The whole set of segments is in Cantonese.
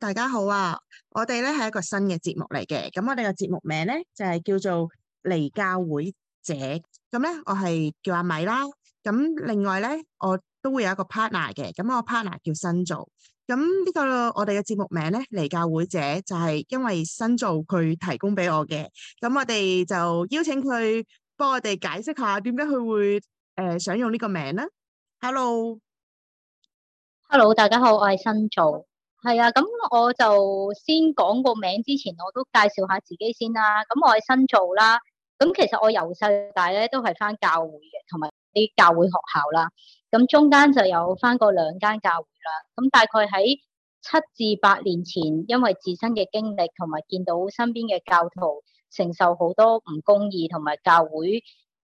大家好啊！我哋咧係一個新嘅節目嚟嘅，咁我哋嘅節目名咧就係叫做離教會者。咁咧，我係叫阿米啦。咁另外咧，我都會有一個 partner 嘅。咁我 partner 叫新造。咁呢個我哋嘅節目名咧離教會者，就係因為新造佢提供俾我嘅。咁我哋就邀請佢幫我哋解釋下點解佢會誒想用呢個名咧。Hello，hello，大家好，我係新造。係啊，咁我就先講個名之前，我都介紹下自己先啦。咁我係新做啦，咁其實我由細到大咧都係返教會嘅，同埋啲教會學校啦。咁中間就有返過兩間教會啦。咁大概喺七至八年前，因為自身嘅經歷同埋見到身邊嘅教徒承受好多唔公義同埋教會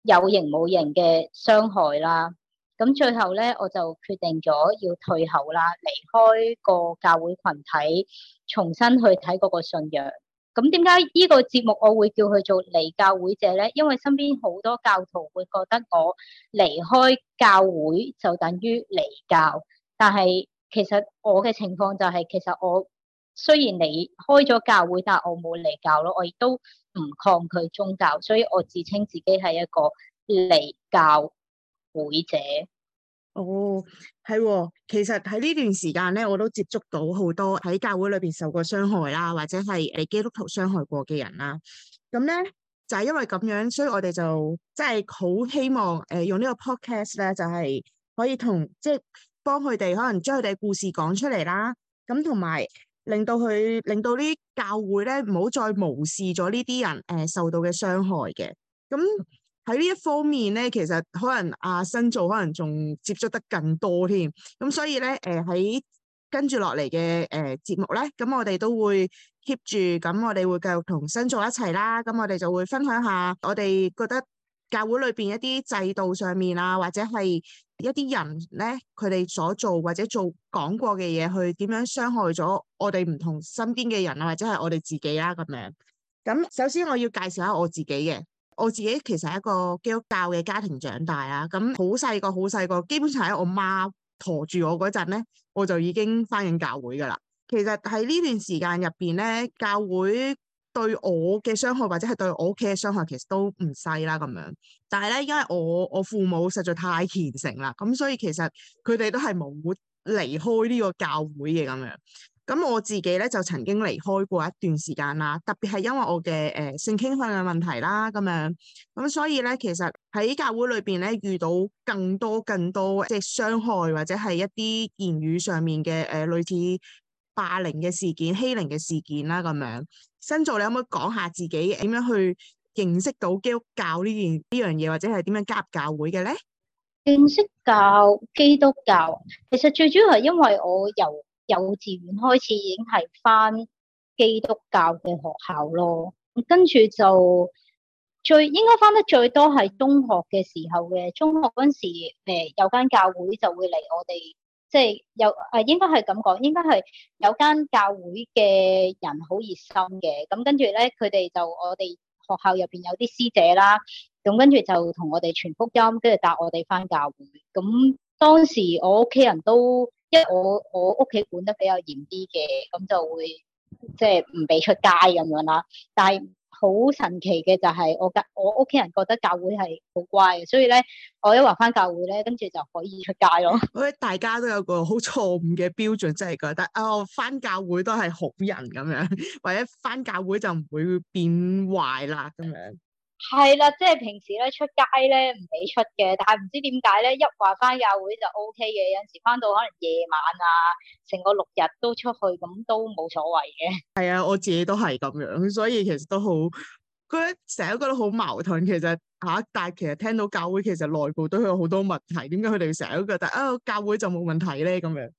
有形冇形嘅傷害啦。咁最後咧，我就決定咗要退後啦，離開個教會群體，重新去睇嗰個信仰。咁點解呢個節目我會叫佢做離教會者咧？因為身邊好多教徒會覺得我離開教會就等於離教，但係其實我嘅情況就係，其實我雖然離開咗教會，但係我冇離教咯，我亦都唔抗拒宗教，所以我自稱自己係一個離教會者，哦，係、哦，其實喺呢段時間咧，我都接觸到好多喺教會裏邊受過傷害啦，或者係被基督徒傷害過嘅人啦。咁咧就係、是、因為咁樣，所以我哋就即係好希望誒、呃，用個呢個 podcast 咧，就係、是、可以同即係幫佢哋可能將佢哋故事講出嚟啦。咁同埋令到佢，令到啲教會咧，唔好再無視咗呢啲人誒、呃、受到嘅傷害嘅。咁。喺呢一方面咧，其實可能阿新做，可能仲接觸得更多添。咁所以咧，誒喺跟住落嚟嘅誒節目咧，咁我哋都會 keep 住，咁我哋會繼續同新做一齊啦。咁我哋就會分享下我哋覺得教會裏邊一啲制度上面啊，或者係一啲人咧，佢哋所做或者做講過嘅嘢，去點樣傷害咗我哋唔同身邊嘅人啊，或者係我哋自己啦咁樣。咁首先我要介紹下我自己嘅。我自己其實係一個基督教嘅家庭長大啊，咁好細個好細個，基本上喺我媽陀住我嗰陣咧，我就已經返緊教會噶啦。其實喺呢段時間入邊咧，教會對我嘅傷害或者係對我屋企嘅傷害其實都唔細啦咁樣。但係咧，因為我我父母實在太虔誠啦，咁所以其實佢哋都係冇離開呢個教會嘅咁樣。咁我自己咧就曾經離開過一段時間啦，特別係因為我嘅誒、呃、性傾向嘅問題啦，咁樣，咁所以咧，其實喺教會裏邊咧遇到更多更多即係傷害或者係一啲言語上面嘅誒、呃、類似霸凌嘅事件、欺凌嘅事件啦，咁樣。新造，你可唔可以講下自己點樣去認識到基督教呢件呢樣嘢，或者係點樣加入教會嘅咧？認識教基督教，其實最主要係因為我由幼稚園開始已經係翻基督教嘅學校咯，跟住就最應該翻得最多係中學嘅時候嘅。中學嗰陣時，誒、呃、有間教會就會嚟我哋，即係有誒、呃，應該係咁講，應該係有間教會嘅人好熱心嘅。咁跟住咧，佢哋就我哋學校入邊有啲師姐啦，咁跟住就同我哋傳福音，跟住帶我哋翻教會。咁當時我屋企人都。即係我我屋企管得比較嚴啲嘅，咁就會即係唔俾出街咁樣啦。但係好神奇嘅就係，我我屋企人覺得教會係好乖嘅，所以咧，我一話翻教會咧，跟住就可以出街咯。所以大家都有個好錯誤嘅標準，即係覺得哦，翻教會都係好人咁樣，或者翻教會就唔會變壞啦咁樣。係啦，即係平時咧出街咧唔俾出嘅，但係唔知點解咧一話翻教會就 O K 嘅，有陣時翻到可能夜晚啊，成個六日都出去咁都冇所謂嘅。係啊，我自己都係咁樣，所以其實都好，佢成日都覺得好矛盾。其實吓、啊，但係其實聽到教會其實內部都有好多問題，點解佢哋成日都覺得啊教會就冇問題咧咁樣？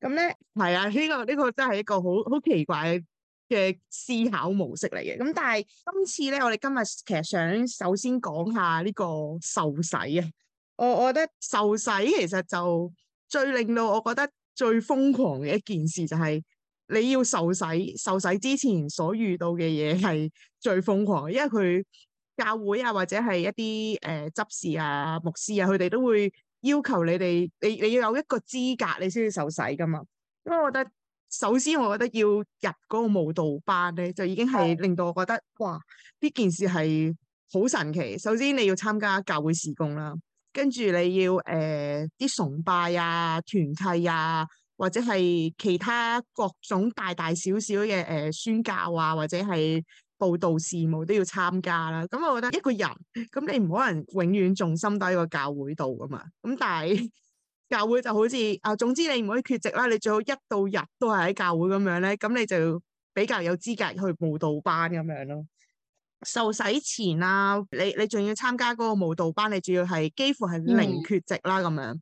咁咧係啊，希、呢個呢、呢個真係一個好好奇怪嘅思考模式嚟嘅，咁但係今次咧，我哋今日其實想首先講下呢個受洗啊。我我覺得受洗其實就最令到我覺得最瘋狂嘅一件事就係你要受洗，受洗之前所遇到嘅嘢係最瘋狂，因為佢教會啊或者係一啲誒執事啊牧師啊，佢哋都會要求你哋，你你要有一個資格，你先至受洗噶嘛。因為我覺得。首先，我覺得要入嗰個慕道班咧，就已經係令到我覺得哇！呢件事係好神奇。首先，你要參加教會事工啦，跟住你要誒啲、呃、崇拜啊、團契啊，或者係其他各種大大小小嘅誒、呃、宣教啊，或者係佈道事務都要參加啦。咁我覺得一個人咁你唔可能永遠重心喺個教會度㗎嘛。咁但係教會就好似啊，總之你唔可以缺席啦，你最好一到日都係喺教會咁樣咧，咁你就比較有資格去慕道班咁樣咯。受洗前啊，你你仲要參加嗰個慕道班，你仲要係幾乎係零缺席啦咁樣。嗯、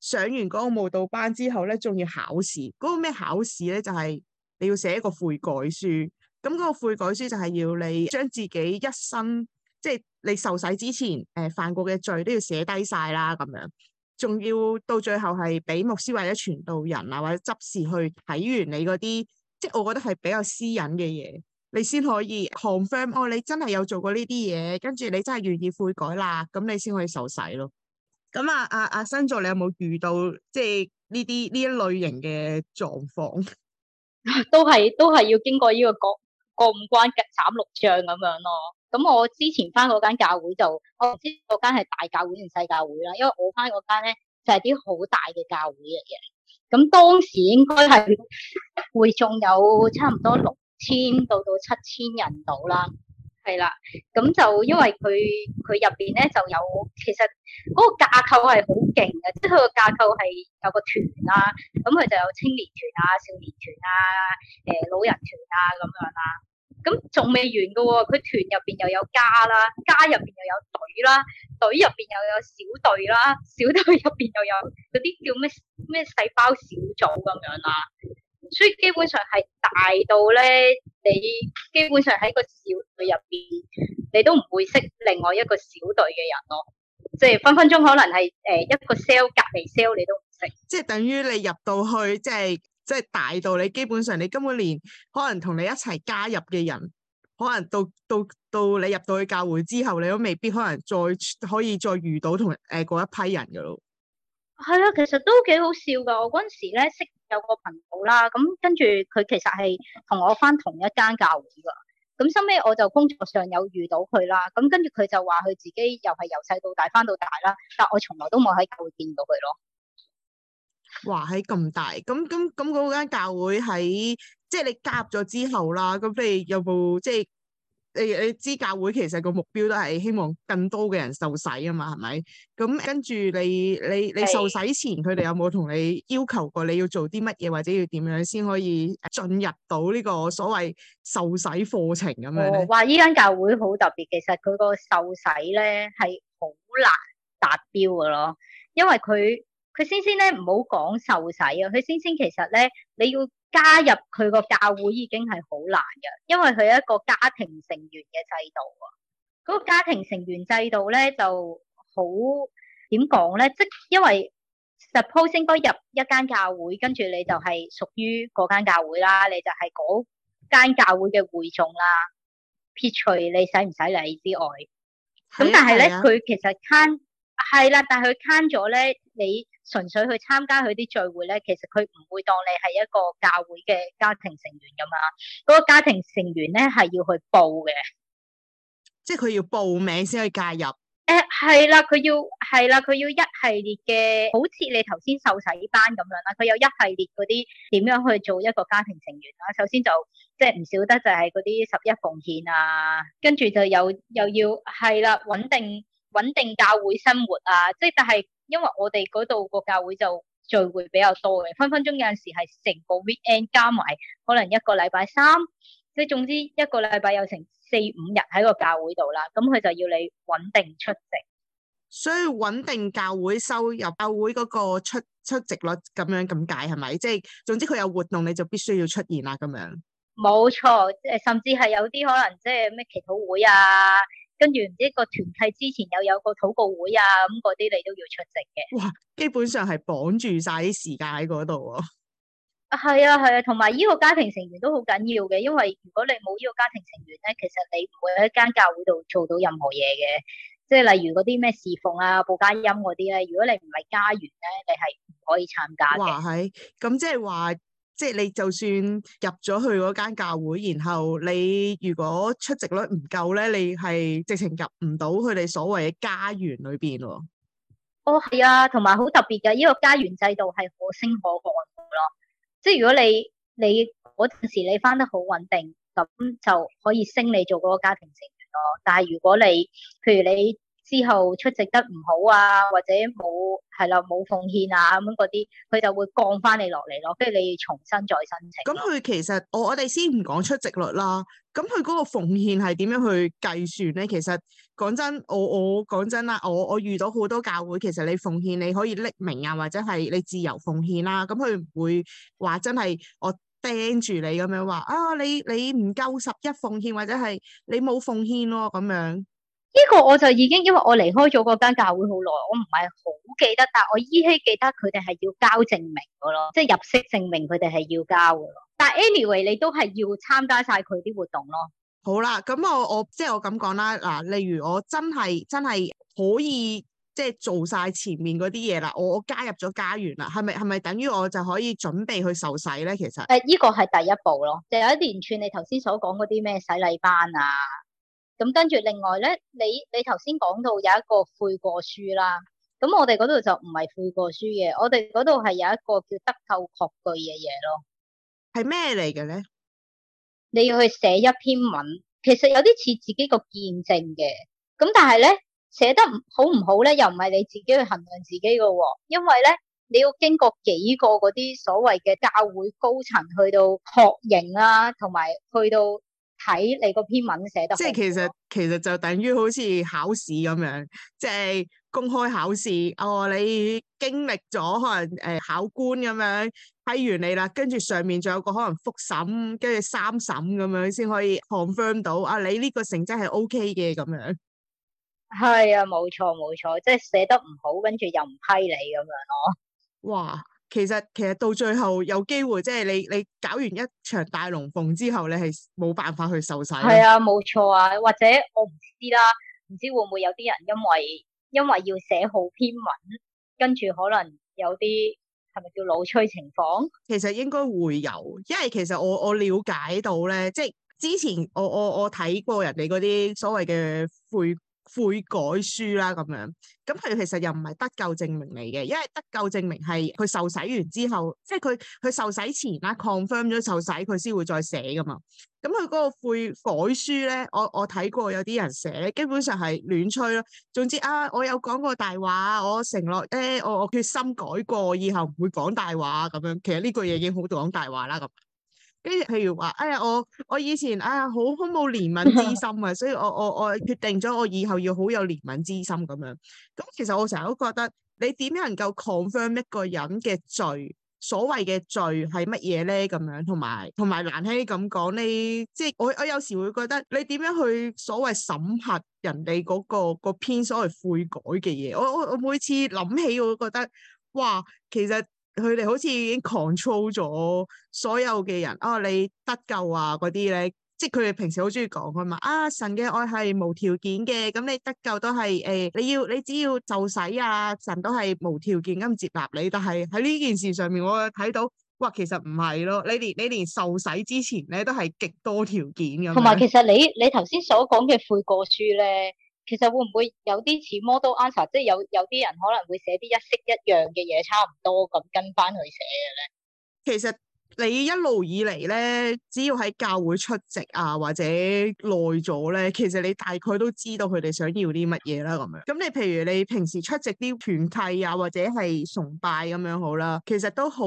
上完嗰個慕道班之後咧，仲要考試。嗰、那個咩考試咧？就係、是、你要寫一個悔改書。咁、那、嗰個悔改書就係要你將自己一生，即、就、係、是、你受洗之前誒、呃、犯過嘅罪都要寫低晒啦咁樣。仲要到最後係俾牧師或者傳道人啊，或者執事去睇完你嗰啲，即係我覺得係比較私隱嘅嘢，你先可以 confirm 哦，你真係有做過呢啲嘢，跟住你真係願意悔改啦，咁你先可以受洗咯。咁、嗯、啊，阿、啊、阿新座，你有冇遇到即係呢啲呢一類型嘅狀況？ 都係都係要經過呢個過過五關、啊、斬六將噉樣囉。咁我之前翻嗰間教會度，我唔知嗰間係大教會定細教會啦，因為我翻嗰間咧就係啲好大嘅教會嚟嘅。咁當時應該係會仲有差唔多六千到到七千人度啦，係啦。咁就因為佢佢入邊咧就有，其實嗰個架構係好勁嘅，即係佢個架構係有個團啦、啊，咁佢就有青年團啊、少年團啊、誒老人團啊咁樣啦、啊。咁仲未完噶喎、哦，佢團入邊又有家啦，家入邊又有隊啦，隊入邊又有小隊啦，小隊入邊又有嗰啲叫咩咩細胞小組咁樣啦。所以基本上係大到咧，你基本上喺個小隊入邊，你都唔會識另外一個小隊嘅人咯。即係分分鐘可能係誒一個 cell 隔離 cell 你都唔識。即係等於你入到去即係。就是即係大到你基本上你根本連可能同你一齊加入嘅人，可能到到到你入到去教會之後，你都未必可能再可以再遇到同誒、欸、嗰一批人噶咯。係啊，其實都幾好笑噶。我嗰陣時咧識有個朋友啦，咁跟住佢其實係同我返同一間教會噶。咁收尾我就工作上有遇到佢啦。咁跟住佢就話佢自己又係由細到大返到大啦，但我從來都冇喺教會見到佢咯。話喺咁大，咁咁咁嗰間教會喺，即係你加咗之後啦，咁你有冇即係，你你知教會其實個目標都係希望更多嘅人受洗啊嘛，係咪？咁跟住你你你受洗前，佢哋是有冇同你要求過你要做啲乜嘢或者要點樣先可以進入到呢個所謂受洗課程咁樣咧？話呢間教會好特別，其實佢個受洗咧係好難達標噶咯，因為佢。佢先呢先咧唔好講受洗啊！佢先先其實咧，你要加入佢個教會已經係好難嘅，因為佢一個家庭成員嘅制度啊。嗰個家庭成員制度咧就好點講咧？即因為 suppose 應該入一間教會，跟住你就係屬於嗰間教會啦，你就係嗰間教會嘅會眾啦。撇除你使唔使理之外，咁的但係咧，佢其實 can 係啦，但係佢 can 咗咧，你。純粹去參加佢啲聚會咧，其實佢唔會當你係一個教會嘅家庭成員㗎嘛。嗰個家庭成員咧係要去報嘅，即係佢要報名先可以介入。欸，係啦，佢要係啦，佢要一系列嘅，好似你頭先受洗班咁樣啦。佢有一系列嗰啲點樣去做一個家庭成員啦。首先就即係唔少得就係嗰啲十一奉獻啊，跟住就又又要係啦，穩定穩定教會生活啊，即係但係。因為我哋嗰度個教會就聚會比較多嘅，分分鐘有陣時係成個 weekend 加埋，可能一個禮拜三，即係總之一個禮拜有成四五日喺個教會度啦。咁佢就要你穩定出席，所以穩定教會收入、教會嗰個出出席率咁樣咁解係咪？即係總之佢有活動你就必須要出現啦咁樣。冇錯，即係甚至係有啲可能即係咩祈禱會啊。跟住呢個團契之前又有個禱告會啊，咁嗰啲你都要出席嘅。哇，基本上係綁住晒啲時間喺嗰度啊！係啊係啊，同埋呢個家庭成員都好緊要嘅，因為如果你冇呢個家庭成員咧，其實你唔會喺間教會度做到任何嘢嘅。即係例如嗰啲咩侍奉啊、報佳音嗰啲咧，如果你唔係家員咧，你係唔可以參加嘅。哇，係咁即係話。即係你就算入咗去嗰間教會，然後你如果出席率唔夠咧，你係直情入唔到佢哋所謂嘅家園裏邊咯。哦，係啊，同埋好特別嘅，呢個家園制度係可升可降咯。即係如果你你嗰陣時你翻得好穩定，咁就可以升你做嗰個家庭成員咯。但係如果你譬如你，之後出席得唔好啊，或者冇係啦，冇奉獻啊咁嗰啲，佢就會降翻你落嚟咯。跟住你要重新再申請。咁佢其實我我哋先唔講出席率啦，咁佢嗰個奉獻係點樣去計算咧？其實講真，我我講真啦，我我，我遇到好多教會，其實你奉獻你可以匿名啊，或者係你自由奉獻啦，啊。咁佢唔會話真係我盯住你咁樣話啊，你你唔夠十一奉獻，或者係你冇奉獻咯咁樣。呢個我就已經，因為我離開咗嗰間教會好耐，我唔係好記得，但係我依稀記得佢哋係要交證明㗎咯，即係入息證明，佢哋係要交㗎咯。但係 anyway，你都係要參加晒佢啲活動咯。好啦，咁我我即係我咁講啦，嗱，例如我真係真係可以即係做晒前面嗰啲嘢啦，我加入咗家園啦，係咪係咪等於我就可以準備去受洗咧？其實誒，呢、呃呢個係第一步咯，就有、是、一連串你頭先所講嗰啲咩洗禮班啊，咁跟住另外咧，你你頭先講到有一個悔過書啦，咁我哋嗰度就唔係悔過書嘅，我哋嗰度係有一個叫得救確據嘅嘢咯。係咩嚟嘅咧？你要去寫一篇文，其實有啲似自己個見證嘅。咁但係咧，寫得好唔好咧，又唔係你自己去衡量自己嘅喎，因為咧，你要經過幾個嗰啲所謂嘅教會高層去到確認啦，同埋去到。睇你個篇文寫得好，即係其實其實就等於好似考試咁樣，即係公開考試。哦，你經歷咗可能誒、欸、考官咁樣批完你啦，跟住上面仲有個可能複審，跟住三審咁樣先可以 confirm 到啊，你呢個成績係 OK 嘅咁樣。係啊，冇錯冇錯，即係寫得唔好，跟住又唔批你咁樣咯。哇、哦！嘩其實其實到最後有機會，即係你你搞完一場大龍鳳之後，你係冇辦法去受洗。係啊，冇錯啊。或者我唔知啦，唔知會唔會有啲人因為因為要寫好篇文，跟住可能有啲係咪叫腦吹情況，嗯？其實應該會有，因為其實我我瞭解到咧，即係之前我我我睇過人哋嗰啲所謂嘅悔。悔改書啦，咁樣咁佢其實又唔係得救證明嚟嘅，因為得救證明係佢受洗完之後，即係佢佢受洗前 confirm 咗受洗，佢先會再寫噶嘛。咁佢嗰個悔改書咧，我我睇過有啲人寫，基本上係亂吹咯。總之啊，我有講過大話，我承諾誒、哎，我我決心改過，以後唔會講大話咁樣。其實呢句嘢已經好講大話啦咁。跟住，譬如話，哎呀，我我以前，哎呀，好好冇憐憫之心啊，所以我我我決定咗，我以後要好有憐憫之心咁樣。咁其實我成日都覺得，你點樣能夠 confirm 一個人嘅罪，所謂嘅罪係乜嘢咧？咁樣同埋同埋難聽啲咁講，你即係我我有時會覺得，你點樣去所謂審核人哋嗰、嗰個篇所謂悔改嘅嘢？我我我每次諗起我都覺得，哇，其實～佢哋好似已經 control 咗所有嘅人，哦，你得救啊嗰啲咧，即係佢哋平時好中意講噶嘛，啊，神嘅愛係無條件嘅，咁你得救都係誒、欸，你要你只要就洗啊，神都係無條件咁接納你，但係喺呢件事上面，我睇到，哇，其實唔係咯，你連你連受洗之前咧，都係極多條件咁。同埋，其實你你頭先所講嘅悔過書咧。其實會唔會有啲似 model answer，即係有有啲人可能會寫啲一式一,一樣嘅嘢，差唔多咁跟翻佢寫嘅咧。其實。你一路以嚟咧，只要喺教會出席啊，或者耐咗咧，其實你大概都知道佢哋想要啲乜嘢啦。咁樣咁你譬如你平時出席啲團契啊，或者係崇拜咁樣好啦，其實都好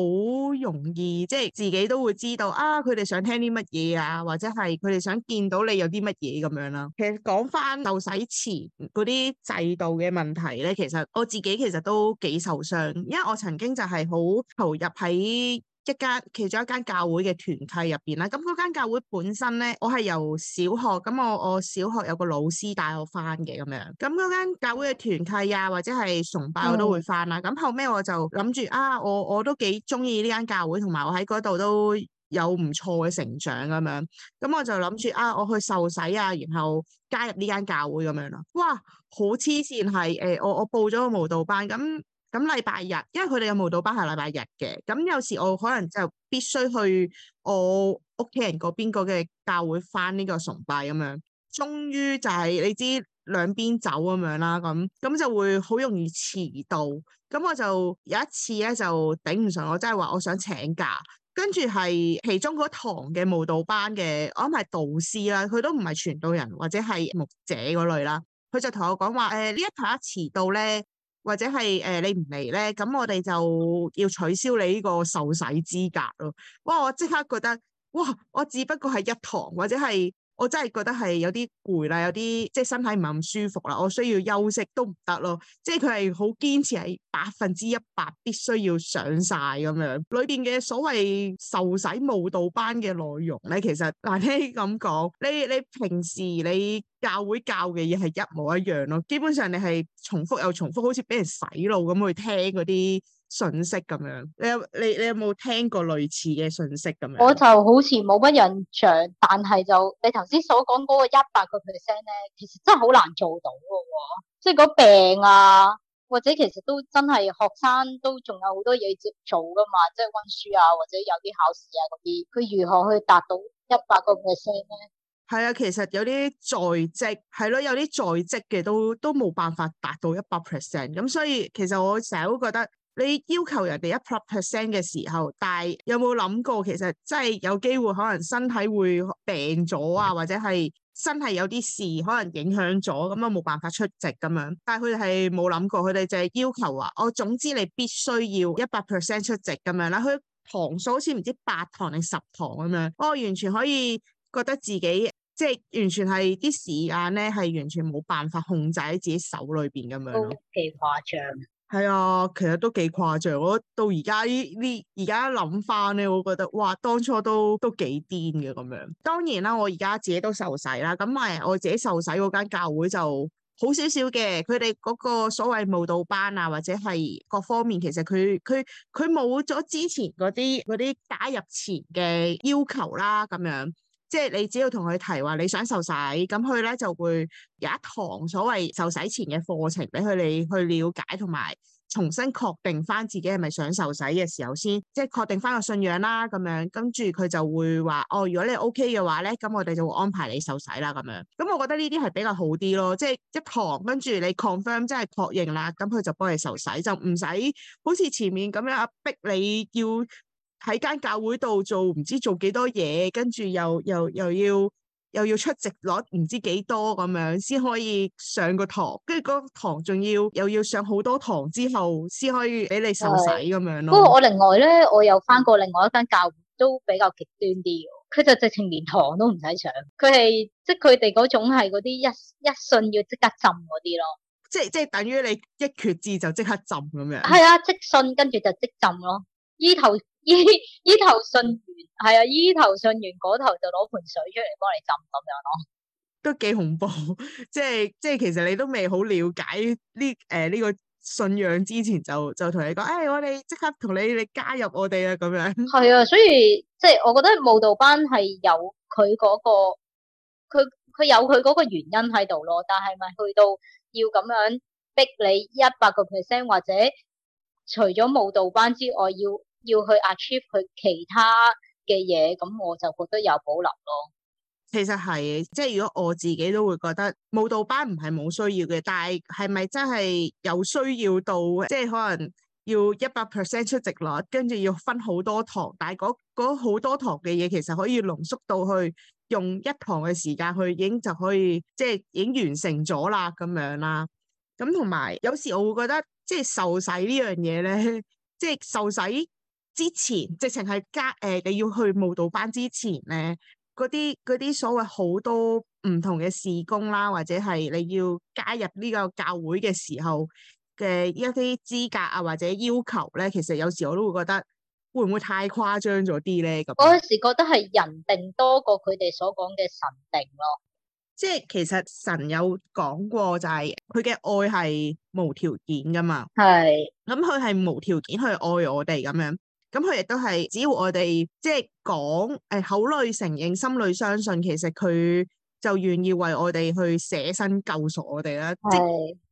容易，即係自己都會知道啊，佢哋想聽啲乜嘢啊，或者係佢哋想見到你有啲乜嘢咁樣啦。其實講翻受洗前嗰啲制度嘅問題咧，其實我自己其實都幾受傷，因為我曾經就係好投入喺。一間其中一間教會嘅團契入邊啦，咁嗰間教會本身咧，我係由小學咁我我小學有個老師帶我返嘅，咁樣，咁嗰間教會嘅團契啊，或者係崇拜我都會返啦，咁、嗯、後尾我就諗住啊，我我都幾鍾意呢間教會，同埋我喺嗰度都有唔錯嘅成長咁樣，咁我就諗住啊，我去受洗啊，然後加入呢間教會咁樣咯，哇，好黐線，係，誒我我報咗個舞蹈班咁。咁禮拜日，因為佢哋有舞蹈班係禮拜日嘅，咁有時我可能就必須去我屋企人嗰邊個嘅教會返呢個崇拜咁樣，終於就係、是、你知兩邊走咁樣啦，咁咁就會好容易遲到。咁我就有一次咧就頂唔順，我真係話我想請假，跟住係其中嗰堂嘅舞蹈班嘅，我諗係導師啦，佢都唔係傳道人或者係牧者嗰類啦，佢就同我講話誒、哎、呢一排一遲到咧。或者係誒、呃、你唔嚟咧，咁我哋就要取消你呢個受洗資格咯。哇！我即刻覺得，哇！我只不過係一堂，或者係我真係覺得係有啲攰啦，有啲即係身體唔係咁舒服啦，我需要休息都唔得咯。即係佢係好堅持喺百分之一百必須要上晒咁樣。裏邊嘅所謂受洗舞蹈班嘅內容咧，其實難聽咁講，你你平時你教會教嘅嘢係一模一樣咯，基本上你係重複又重複，好似俾人洗腦咁去聽嗰啲信息咁樣。你有你你有冇聽過類似嘅信息咁樣？我就好似冇乜印象，但係就你頭先所講嗰個一百個 percent 咧，其實真係好難做到噶喎、哦。即係嗰病啊，或者其實都真係學生都仲有好多嘢接做噶嘛，即係溫書啊，或者有啲考試啊嗰啲，佢如何去達到一百個 percent 咧？呢係啊，其實有啲在職係咯，有啲在職嘅都都冇辦法達到一百 percent。咁所以其實我成日都覺得，你要求人哋一百 percent 嘅時候，但係有冇諗過，其實真係有機會可能身體會病咗啊，或者係身體有啲事，可能影響咗，咁啊冇辦法出席咁樣。但係佢哋係冇諗過，佢哋就係要求話，我、哦、總之你必須要一百 percent 出席咁樣啦。佢堂數好似唔知八堂定十堂咁樣，我、哦、完全可以。覺得自己即係、就是、完全係啲時間咧，係完全冇辦法控制喺自己手裏邊咁樣咯，幾誇張，係啊！其實都幾誇張。我到而家呢呢而家諗翻咧，我覺得哇，當初都都幾癲嘅咁樣。當然啦，我而家自己都受洗啦。咁誒，我自己受洗嗰間教會就好少少嘅。佢哋嗰個所謂舞蹈班啊，或者係各方面，其實佢佢佢冇咗之前嗰啲嗰啲打入前嘅要求啦、啊，咁樣。即係你只要同佢提話你想受洗，咁佢咧就會有一堂所謂受洗前嘅課程俾佢哋去了解同埋重新確定翻自己係咪想受洗嘅時候先，即係確定翻個信仰啦咁樣。跟住佢就會話哦，如果你 OK 嘅話咧，咁我哋就會安排你受洗啦咁樣。咁我覺得呢啲係比較好啲咯，即係一堂跟住你 confirm 即係確認啦，咁佢就幫你受洗，就唔使好似前面咁樣啊逼你要。喺間教會度做唔知做幾多嘢，跟住又又又要又要出席，攞唔知幾多咁樣，先可以上個堂。跟住嗰堂仲要又要上好多堂之後，先可以俾你受洗咁樣咯。不過我另外呢，我又返過另外一間教會，都比較極端啲嘅。佢就直情連堂都唔使上，佢係即係佢哋嗰種係嗰啲一一信要即刻浸嗰啲咯。即即係等於你一決志就即刻浸咁樣。係啊，即信跟住就即浸咯，依頭。依依 頭信完係啊，依頭信完嗰頭就攞盆水出嚟幫你浸咁樣咯，都幾恐怖。即係即係，其實你都未好了解呢誒呢個信仰之前就，就就同你講，誒、哎、我哋即刻同你你加入我哋啊咁樣。係啊，所以即係我覺得舞蹈班係有佢嗰個，佢佢有佢嗰個原因喺度咯。但係咪去到要咁樣逼你一百個 percent，或者除咗舞蹈班之外要要去 achieve 佢其他嘅嘢，咁我就覺得有保留咯。其實係，即係如果我自己都會覺得慕道班唔係冇需要嘅，但係係咪真係有需要到？即係可能要一百 percent 出席率，跟住要分好多堂，但係嗰好多堂嘅嘢其實可以濃縮到去用一堂嘅時間去已經就可以，即係已經完成咗啦咁樣啦。咁同埋有時我會覺得即係受洗呢樣嘢咧，即係受洗。之前直情係加、誒、呃，你要去舞蹈班之前咧，嗰啲嗰啲所謂好多唔同嘅事工啦，或者係你要加入呢個教會嘅時候嘅一啲資格啊，或者要求咧，其實有時我都會覺得會唔會太誇張咗啲咧？咁我嗰時覺得係人定多過佢哋所講嘅神定咯。即係其實神有講過，就係佢嘅愛係無條件噶嘛。係咁是，佢係、嗯、無條件去愛我哋咁樣。咁佢亦都係，只要我哋即係講，誒、哎、口裏承認，心裏相信，其實佢就願意為我哋去捨身救贖我哋啦。係。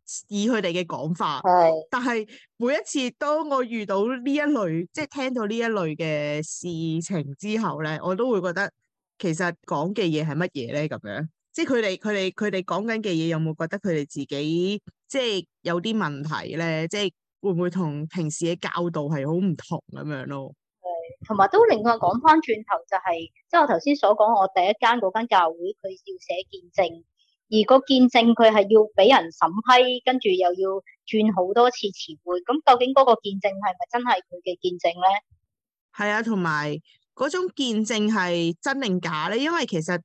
即以佢哋嘅講法。係。但係每一次當我遇到呢一類，即係聽到呢一類嘅事情之後咧，我都會覺得其實講嘅嘢係乜嘢咧？咁樣，即係佢哋佢哋佢哋講緊嘅嘢，有冇覺得佢哋自己即係有啲問題咧？即係。會唔會同平時嘅教導係好唔同咁樣咯？誒、嗯，同埋都另外講翻轉頭就係、是，即係我頭先所講，我第一間嗰間教會佢要寫見證，而個見證佢係要俾人審批，跟住又要轉好多次詞彙。咁究竟嗰個見證係咪真係佢嘅見證咧？係啊，同埋嗰種見證係真定假咧？因為其實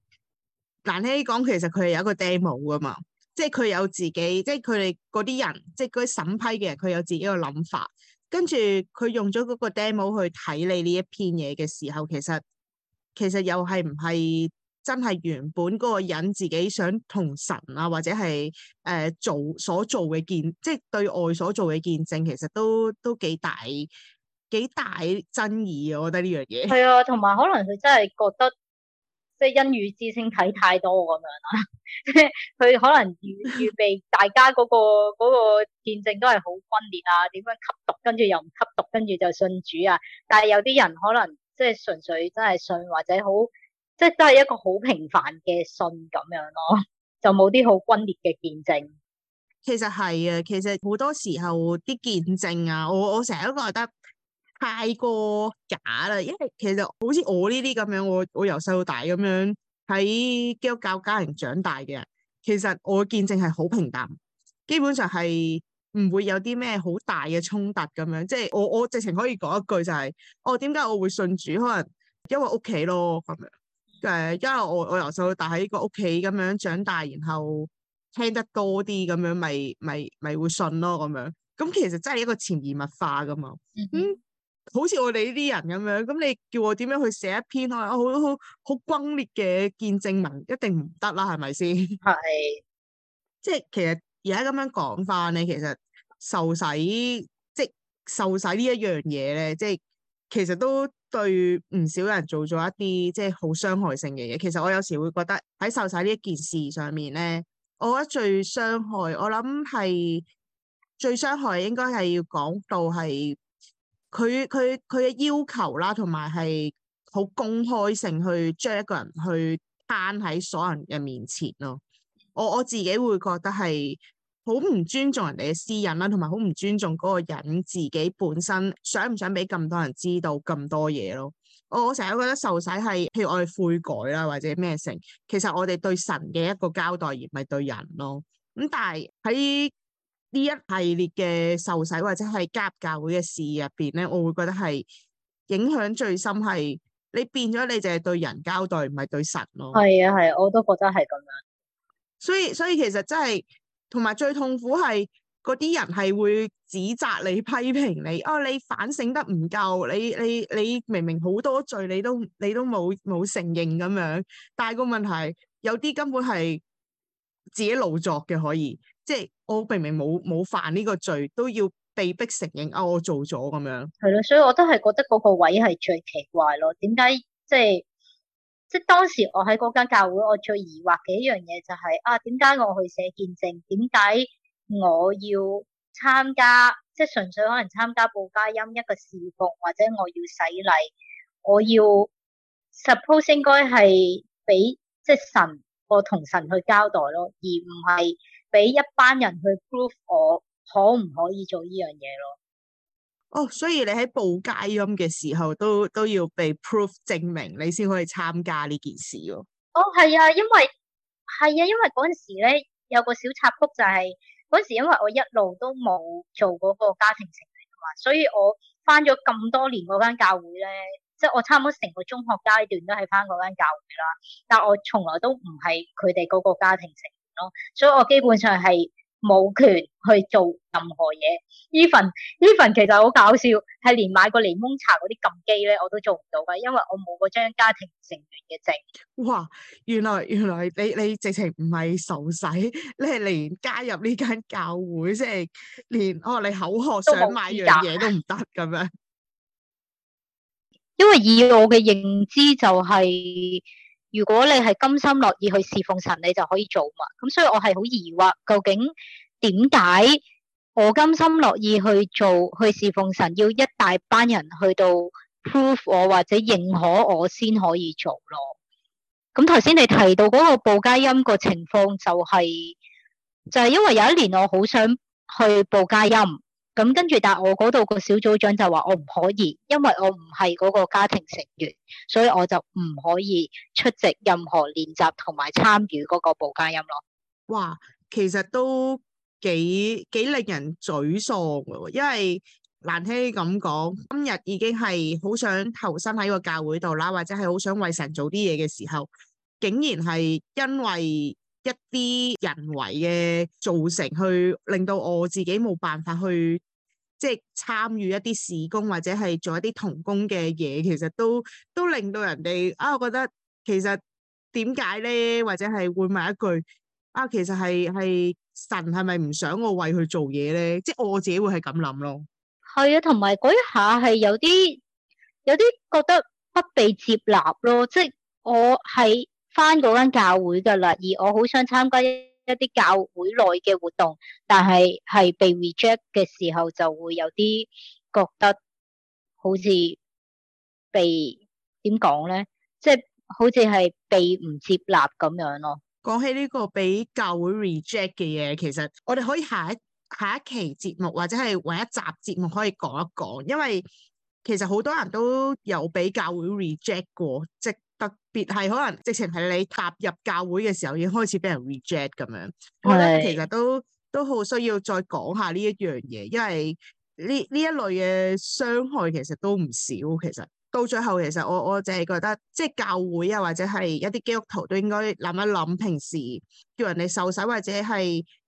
難聽講，其實佢係有一個 demo 噶嘛。即係佢有自己，即係佢哋嗰啲人，即係嗰啲審批嘅人，佢有自己嘅諗法。跟住佢用咗嗰個 demo 去睇你呢一篇嘢嘅時候，其實其實又係唔係真係原本嗰個人自己想同神啊，或者係誒、呃、做所做嘅見，即係對外所做嘅見證，其實都都幾大幾大爭議，我覺得呢樣嘢係啊，同埋可能佢真係覺得。即係恩雨之聲睇太多咁樣啦，佢 可能預預備大家嗰個嗰個見證都係好轟烈啊，點樣吸毒跟住又唔吸毒，跟住就信主啊。但係有啲人可能即係純粹真係信或者好，即係都係一個好平凡嘅信咁樣咯，就冇啲好轟烈嘅見證。其實係啊，其實好多時候啲見證啊，我我成日都覺得。太過假啦，因為其實好似我呢啲咁樣，我我由細到大咁樣喺基督教家庭長大嘅人，其實我見證係好平淡，基本上係唔會有啲咩好大嘅衝突咁樣。即係我我直情可以講一句就係，哦，我點解我會信主？可能因為屋企咯咁樣，誒，因為我我由細到大喺個屋企咁樣長大，然後聽得多啲咁樣，咪咪咪會信咯咁樣。咁其實真係一個潛移默化噶嘛。嗯。好似我哋呢啲人咁樣，咁你叫我點樣去寫一篇我好好好轟烈嘅見證文，一定唔得啦，係咪先？係 是，即係其實而家咁樣講翻咧，其實受洗即受洗呢一樣嘢咧，即係其實都對唔少人做咗一啲即係好傷害性嘅嘢。其實我有時會覺得喺受洗呢一件事上面咧，我覺得最傷害，我諗係最傷害應該係要講到係。佢佢佢嘅要求啦，同埋係好公開性去 judge 一個人，去攤喺所有人嘅面前咯。我我自己會覺得係好唔尊重人哋嘅私隱啦，同埋好唔尊重嗰個人自己本身想唔想俾咁多人知道咁多嘢咯。我成日覺得受洗係，譬如我哋悔改啦，或者咩成，其實我哋對神嘅一個交代，而唔係對人咯。咁但係喺呢一系列嘅受洗或者係加入教會嘅事入邊咧，我會覺得係影響最深係你變咗你就係對人交代，唔係對神咯。係啊係，我都覺得係咁樣。所以所以其實真係，同埋最痛苦係嗰啲人係會指責你、批評你。哦、啊，你反省得唔夠，你你你明明好多罪你，你都你都冇冇承認咁樣。但係個問題，有啲根本係自己勞作嘅可以。即係我明明冇冇犯呢個罪，都要被逼承認啊、哦！我做咗咁樣。係咯，所以我都係覺得嗰個位係最奇怪咯。點解、就是、即係即係當時我喺嗰間教會，我最疑惑嘅一樣嘢就係、是、啊，點解我去寫見證？點解我要參加？即係純粹可能參加報佳音一個侍奉，或者我要洗禮，我要 suppose 應該係俾即係神個同神去交代咯，而唔係。俾一班人去 proof 我可唔可以做呢樣嘢咯。哦，所以你喺報佳音嘅時候都都要被 proof 證明，你先可以參加呢件事咯。哦，係啊，因為係啊，因為嗰陣時咧有個小插曲就係嗰陣時，因為我一路都冇做嗰個家庭成員嘛，所以我翻咗咁多年嗰間教會咧，即係我差唔多成個中學階段都係翻嗰間教會啦。但我從來都唔係佢哋嗰個家庭成員。所以我基本上係冇權去做任何嘢。Even，Even 其實好搞笑，係連買個檸檬茶嗰啲撳機咧，我都做唔到嘅，因為我冇個張家庭成員嘅證。哇！原來原來你你直情唔係受洗，你係連加入呢間教會，即係連哦，你口渴想買樣嘢都唔得咁樣。因為以我嘅認知就係、是。如果你係甘心樂意去侍奉神，你就可以做嘛。咁所以我係好疑惑，究竟點解我甘心樂意去做去侍奉神，要一大班人去到 proof 我或者認可我先可以做咯？咁頭先你提到嗰個報佳音個情況，就是，就係就係因為有一年我好想去報佳音。咁跟住，但係我嗰度個小組長就話我唔可以，因為我唔係嗰個家庭成員，所以我就唔可以出席任何練習同埋參與嗰個報佳音咯。哇，其實都幾幾令人沮喪嘅，因為難聽咁講，今日已經係好想投身喺個教會度啦，或者係好想為神做啲嘢嘅時候，竟然係因為一啲人為嘅造成，去令到我自己冇辦法去。即係參與一啲事工或者係做一啲同工嘅嘢，其實都都令到人哋啊，我覺得其實點解咧，或者係會問一句啊，其實係係神係咪唔想我為佢做嘢咧？即係我自己會係咁諗咯。係啊，同埋嗰一下係有啲有啲覺得不被接納咯。即係我係返嗰間教會㗎啦，而我好想參加。一啲教會內嘅活動，但係係被 reject 嘅時候，就會有啲覺得好似被點講咧？即係、就是、好似係被唔接納咁樣咯。講起呢個俾教會 reject 嘅嘢，其實我哋可以下一下一期節目或者係下一集節目可以講一講，因為其實好多人都有俾教會 reject 過即。特別係可能直情係你踏入教會嘅時候已經開始俾人 reject 咁樣，的我覺得其實都都好需要再講下呢一樣嘢，因為呢呢一類嘅傷害其實都唔少。其實到最後其實我我淨係覺得，即係教會啊或者係一啲基督徒都應該諗一諗，平時叫人哋受洗或者係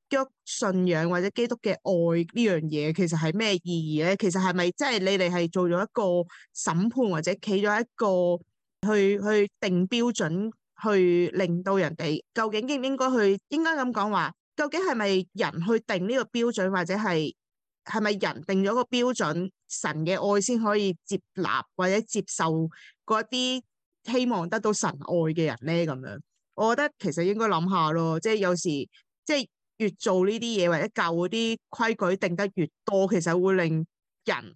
基督信仰或者基督嘅愛呢樣嘢，其實係咩意義咧？其實係咪即係你哋係做咗一個審判或者企咗一個？去去定標準，去令到人哋究竟應唔應該去應該咁講話？究竟係咪人去定呢個標準，或者係係咪人定咗個標準，神嘅愛先可以接納或者接受嗰啲希望得到神愛嘅人咧？咁樣，我覺得其實應該諗下咯，即係有時即係越做呢啲嘢，或者教嗰啲規矩定得越多，其實會令人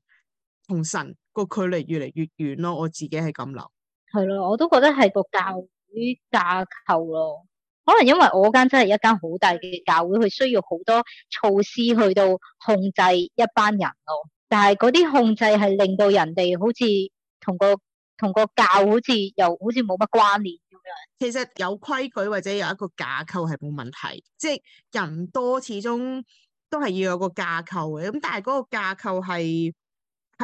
同神個距離越嚟越遠咯。我自己係咁諗。係咯，我都覺得係個教會架構咯。可能因為我間真係一間好大嘅教會，佢需要好多措施去到控制一班人咯。但係嗰啲控制係令到人哋好似同個同個教好似又好似冇乜關聯咁樣。其實有規矩或者有一個架構係冇問題，即係人多始終都係要有個架構嘅。咁但係嗰個架構係。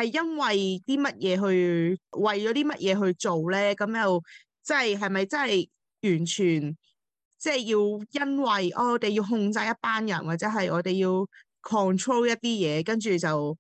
係因為啲乜嘢去為咗啲乜嘢去做咧？咁又即係係咪真係完全即係、就是、要因為、哦、我哋要控制一班人，或者係我哋要 control 一啲嘢，跟住就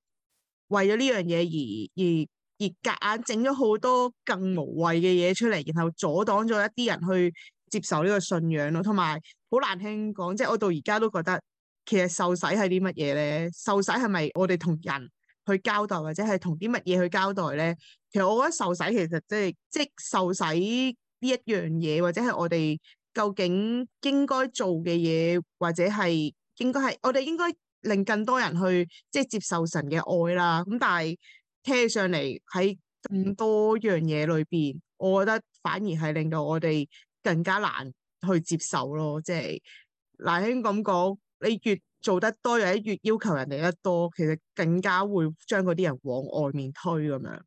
為咗呢樣嘢而而而夾硬整咗好多更無謂嘅嘢出嚟，然後阻擋咗一啲人去接受呢個信仰咯。同埋好難聽講，即、就、係、是、我到而家都覺得其實受洗係啲乜嘢咧？受洗係咪我哋同人去交代或者係同啲乜嘢去交代咧？其實我覺得受洗其實即係即係受洗呢一樣嘢，或者係我哋究竟應該做嘅嘢，或者係應該係我哋應該令更多人去即係、就是、接受神嘅愛啦。咁但係聽起上嚟喺咁多樣嘢裏邊，我覺得反而係令到我哋更加難去接受咯。即係嗱，兄咁講，你越。做得多，又一越要求人哋得多，其實更加會將嗰啲人往外面推咁樣。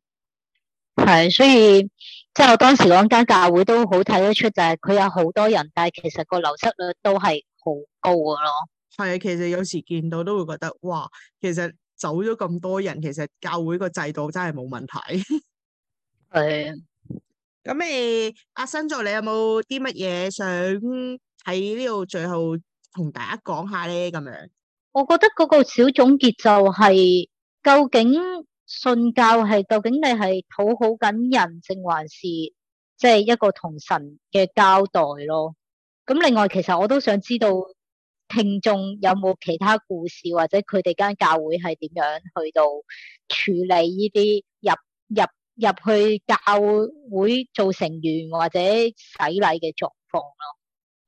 係，所以即係我當時嗰間教會都好睇得出，就係佢有好多人，但係其實個流失率都係好高噶咯。係，其實有時見到都會覺得，哇，其實走咗咁多人，其實教會個制度真係冇問題。係 的。咁你阿新助，你有冇啲乜嘢想喺呢度最後？同大家講下咧，咁樣，我覺得嗰個小總結就係、是、究竟信教係究竟你係討好緊人，性，還是即係、就是、一個同神嘅交代咯？咁另外，其實我都想知道聽眾有冇其他故事，或者佢哋間教會係點樣去到處理呢啲入入入去教會做成員或者洗禮嘅狀況咯？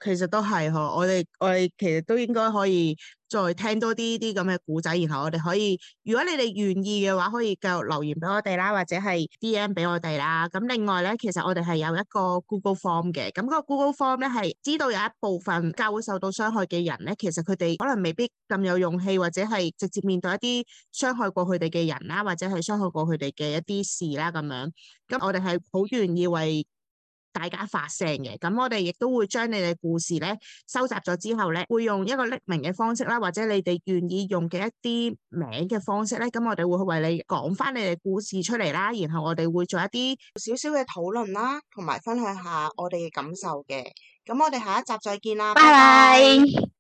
其實都係呵，我哋我哋其實都應該可以再聽多啲啲咁嘅故仔，然後我哋可以，如果你哋願意嘅話，可以繼續留言俾我哋啦，或者係 DM 俾我哋啦。咁另外咧，其實我哋係有一個 Google Form 嘅，咁個 Google Form 咧係知道有一部分教會受到傷害嘅人咧，其實佢哋可能未必咁有勇氣或者係直接面對一啲傷害過佢哋嘅人啦，或者係傷害過佢哋嘅一啲事啦咁樣。咁我哋係好願意為大家發聲嘅，咁我哋亦都會將你哋故事咧收集咗之後咧，會用一個匿名嘅方式啦，或者你哋願意用嘅一啲名嘅方式咧，咁我哋會去為你講翻你哋故事出嚟啦，然後我哋會做一啲少少嘅討論啦，同埋分享下我哋嘅感受嘅，咁我哋下一集再見啦，拜拜 bye。Bye bye